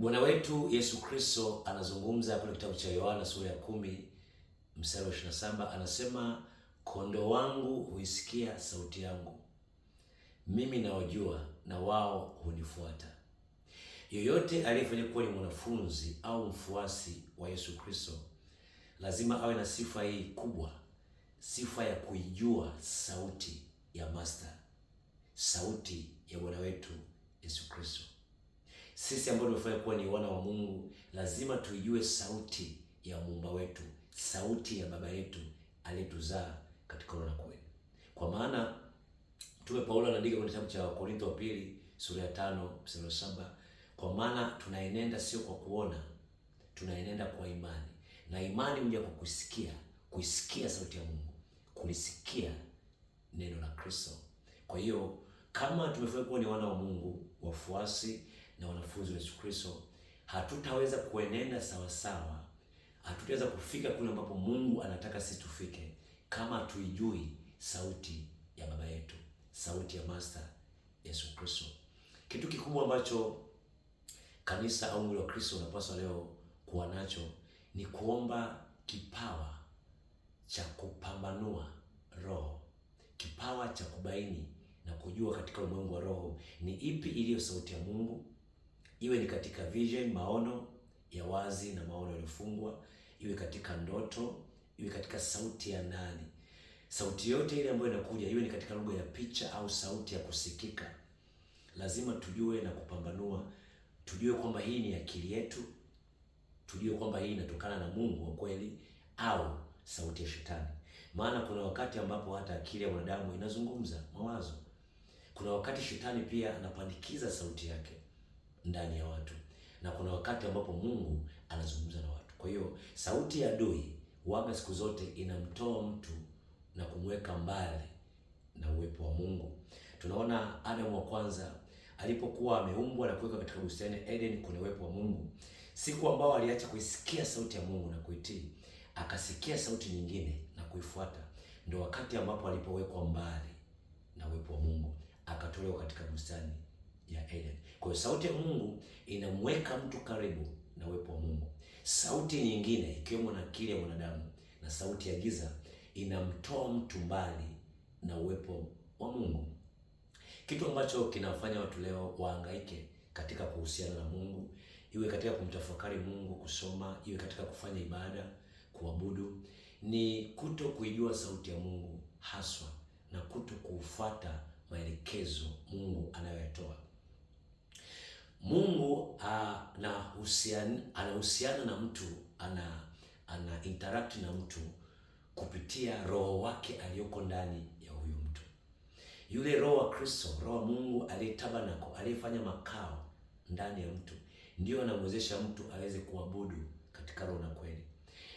Bwana wetu Yesu Kristo anazungumza kwenye kitabu cha Yohana sura ya kumi mstari wa saba anasema kondoo wangu huisikia sauti yangu, mimi nawajua na wao hunifuata. Yoyote aliyefanya kuwa ni mwanafunzi au mfuasi wa Yesu Kristo lazima awe na sifa hii kubwa, sifa ya kuijua sauti ya master, sauti ya Bwana wetu Yesu Kristo. Sisi ambao tumefanya kuwa ni wana wa Mungu lazima tuijue sauti ya muumba wetu, sauti ya baba yetu aliyetuzaa katika roho na kweli. Kwa maana tume Paulo anaandika kwenye kitabu cha Wakorintho wa pili sura ya tano mstari wa saba kwa maana tunaenenda sio kwa kuona, tunaenenda kwa imani, na imani huja kwa kusikia, kuisikia sauti ya Mungu, kulisikia neno la Kristo. Kwa hiyo kama tumefanya kuwa ni wana wa Mungu, wafuasi na wanafunzi wa Yesu Kristo, hatutaweza kuenenda sawasawa, hatutaweza kufika kule ambapo Mungu anataka sisi tufike kama hatuijui sauti ya baba yetu, sauti ya Master Yesu Kristo. Kitu kikubwa ambacho kanisa au mwili wa Kristo unapaswa leo kuwa nacho ni kuomba kipawa cha kupambanua roho, kipawa cha kubaini na kujua katika ulimwengu wa roho ni ipi iliyo sauti ya Mungu iwe ni katika vision, maono ya wazi na maono yaliyofungwa, iwe katika ndoto, iwe katika sauti ya ndani, sauti yote ile ambayo inakuja, iwe ni katika lugha ya picha au sauti ya kusikika. Lazima tujue na kupambanua, tujue kwamba hii ni akili yetu, tujue kwamba hii inatokana na Mungu wa kweli au sauti ya shetani. Maana kuna wakati ambapo hata akili ya mwanadamu inazungumza mawazo, kuna wakati shetani pia anapandikiza sauti yake ndani ya watu, na kuna wakati ambapo Mungu anazungumza na watu. Kwa hiyo sauti ya adui waga siku zote inamtoa mtu na kumweka mbali na uwepo wa Mungu. Tunaona Adamu wa kwanza alipokuwa ameumbwa na kuwekwa katika bustani Eden, kuna uwepo wa Mungu. Siku ambao aliacha kuisikia sauti ya Mungu na kuitii, akasikia sauti nyingine na kuifuata, ndio wakati ambapo alipowekwa mbali na uwepo wa Mungu, akatolewa katika bustani ya Eden. Kwa hiyo sauti ya Mungu inamweka mtu karibu na uwepo wa Mungu. Sauti nyingine ikiwemo na akili ya mwanadamu na sauti ya giza inamtoa mtu mbali na uwepo wa Mungu, kitu ambacho kinafanya watu leo wahangaike katika kuhusiana na Mungu, iwe katika kumtafakari Mungu, kusoma, iwe katika kufanya ibada, kuabudu, ni kuto kuijua sauti ya Mungu haswa na kuto kuufuata maelekezo Mungu anayoyatoa. Mungu ah, anahusiana na mtu, ana ana interact na mtu kupitia roho wake aliyoko ndani ya huyo mtu. Yule roho wa Kristo, roho wa Mungu aliyetabanako, aliyefanya makao ndani ya mtu, ndiyo anamwezesha mtu aweze kuabudu katika roho na kweli,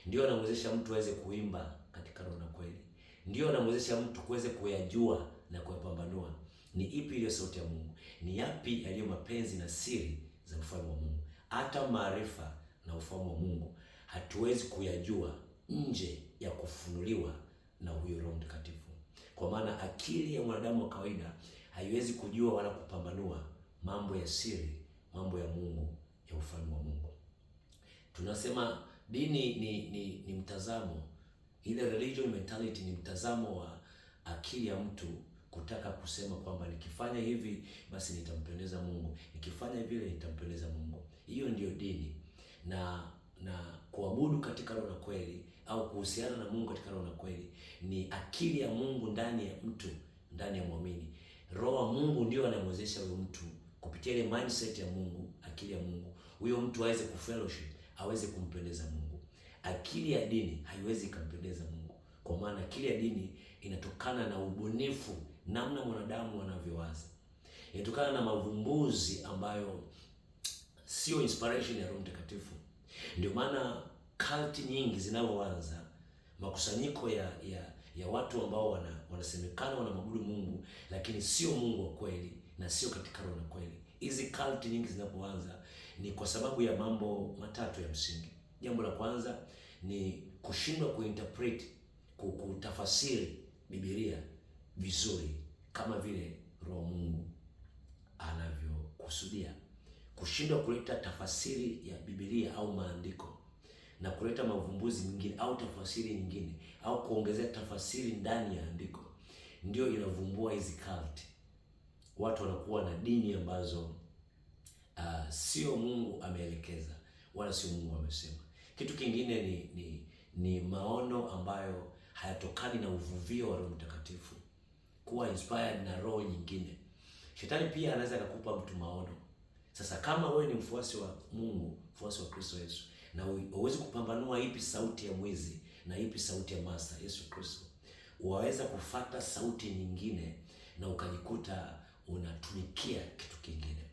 ndiyo anamwezesha mtu aweze kuimba katika roho na kweli, ndiyo anamwezesha mtu kuweze kuyajua na kuyapambanua ni ipi ile sauti ya Mungu? Ni yapi yaliyo mapenzi na siri za ufalme wa Mungu? Hata maarifa na ufalme wa Mungu hatuwezi kuyajua nje ya kufunuliwa na huyo Roho Mtakatifu, kwa maana akili ya mwanadamu wa kawaida haiwezi kujua wala kupambanua mambo ya siri, mambo ya Mungu, ya ufalme wa Mungu. Tunasema dini ni, ni, ni mtazamo ile religion mentality ni mtazamo wa akili ya mtu kutaka kusema kwamba nikifanya hivi basi nitampendeza Mungu, nikifanya vile nitampendeza Mungu. Hiyo ndiyo dini na na kuabudu katika roho na kweli, au kuhusiana na Mungu katika roho na kweli ni akili ya Mungu ndani ya mtu, ndani ya mwamini. Roho wa Mungu ndio anamwezesha huyo mtu kupitia ile mindset ya Mungu, akili ya Mungu, huyo mtu aweze kufellowship, aweze kumpendeza Mungu. Akili ya dini haiwezi ikampendeza Mungu, kwa maana akili ya dini inatokana na ubunifu namna mwanadamu anavyowaza inatokana na mavumbuzi ambayo sio inspiration ya Roho Mtakatifu. Ndio maana kalti nyingi zinazoanza makusanyiko ya ya ya watu ambao wana wanasemekana mabudu Mungu lakini sio Mungu wa kweli na sio katika roho na kweli. Hizi kalti nyingi zinapoanza ni kwa sababu ya mambo matatu ya msingi. Jambo la kwanza ni kushindwa kuinterpret, kutafasiri Biblia vizuri kama vile Roho Mungu anavyokusudia. Kushindwa kuleta tafasiri ya Biblia au maandiko na kuleta mavumbuzi mengine au tafasiri nyingine au kuongezea tafasiri ndani ya andiko ndio inavumbua hizi cult. Watu wanakuwa na dini ambazo uh, sio Mungu ameelekeza wala sio Mungu amesema. Kitu kingine ni, ni, ni maono ambayo hayatokani na uvuvio wa Roho Mtakatifu kuwa inspired na roho nyingine. Shetani pia anaweza akakupa mtu maono. Sasa kama wewe ni mfuasi wa Mungu, mfuasi wa Kristo Yesu, na uwezi kupambanua ipi sauti ya mwizi na ipi sauti ya Master Yesu Kristo, waweza kufata sauti nyingine na ukajikuta unatumikia kitu kingine.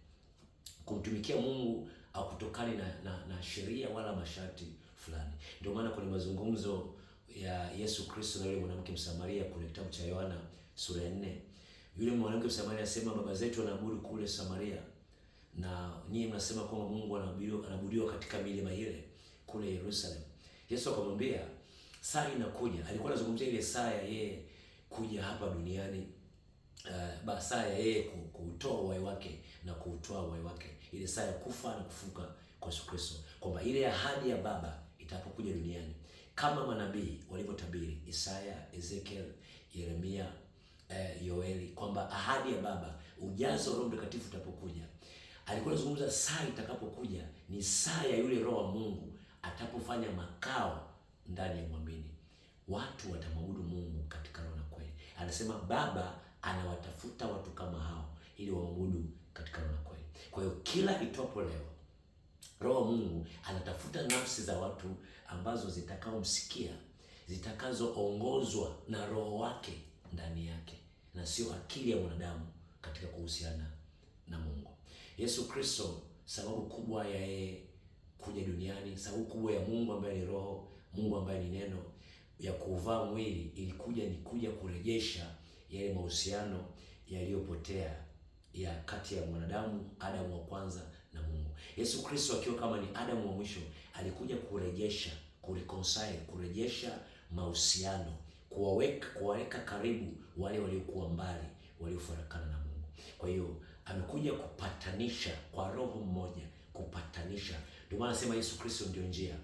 Kumtumikia Mungu hakutokani na, na, na sheria wala masharti fulani. Ndio maana kwenye mazungumzo ya Yesu Kristo na yule mwanamke Msamaria kwenye kitabu cha Yohana sura ya nne. Yule mwanamke wa Samaria anasema baba zetu wanaabudu kule Samaria na nyinyi mnasema kwamba Mungu anaabudiwa anaabudiwa katika milima ile kule Yerusalemu. Yesu akamwambia saa inakuja, alikuwa anazungumzia ile saa ya yeye kuja hapa duniani uh, ba saa ya yeye kutoa uhai wake na kuutoa uhai wake, ile saa ya kufa na kufuka kwa Yesu Kristo, kwamba ile ahadi ya Baba itapokuja duniani kama manabii walivyotabiri Isaya, Ezekiel, Yeremia eh, Yoeli kwamba ahadi ya Baba, ujazo wa Roho Mtakatifu utapokuja, alikuwa anazungumza saa itakapokuja ni saa ya yule Roho wa Mungu atapofanya makao ndani ya mwamini. Watu watamwabudu Mungu katika roho na kweli. Anasema Baba anawatafuta watu kama hao ili waabudu katika roho na kweli. Kwa hiyo kila itopo leo Roho Mungu anatafuta nafsi za watu ambazo zitakaomsikia, zitakazoongozwa na roho wake ndani yake na sio akili ya mwanadamu katika kuhusiana na Mungu. Yesu Kristo, sababu kubwa ya yeye kuja duniani, sababu kubwa ya Mungu ambaye ni Roho, Mungu ambaye ni Neno, ya kuvaa mwili ilikuja ni kuja kurejesha yale mahusiano yaliyopotea ya kati ya mwanadamu Adamu wa kwanza na Mungu. Yesu Kristo akiwa kama ni Adamu wa mwisho alikuja kurejesha, kureconcile, kurejesha mahusiano kuwaweka kuwaweka karibu wale waliokuwa mbali, waliofarakana na Mungu. Kwa hiyo amekuja kupatanisha kwa roho mmoja, kupatanisha. Ndio maana anasema Yesu Kristo ndio njia.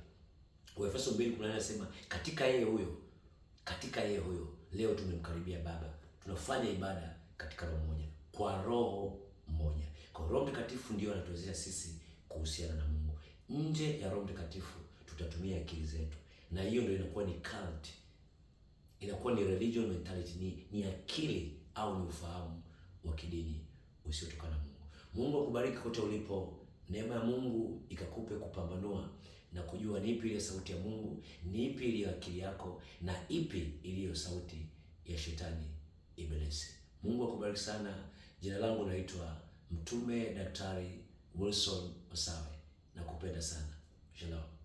Waefeso 2:18 anasema katika yeye huyo, katika yeye huyo leo tumemkaribia Baba, tunafanya ibada katika roho mmoja, kwa roho mmoja. Kwa Roho Mtakatifu ndio anatuwezesha sisi kuhusiana na Mungu. Nje ya Roho Mtakatifu tutatumia akili zetu, na hiyo ndio inakuwa ni cult inakuwa ni religion mentality, ni, ni akili au ni ufahamu wa kidini usiotokana na Mungu. Mungu akubariki kote ulipo, neema ya Mungu ikakupe kupambanua na kujua ni ipi ile sauti ya Mungu, ni ipi iliyo akili yako na ipi iliyo sauti ya shetani Ibilisi. Mungu akubariki sana. Jina langu naitwa Mtume Daktari Wilson Osawe, nakupenda sana. Shalom.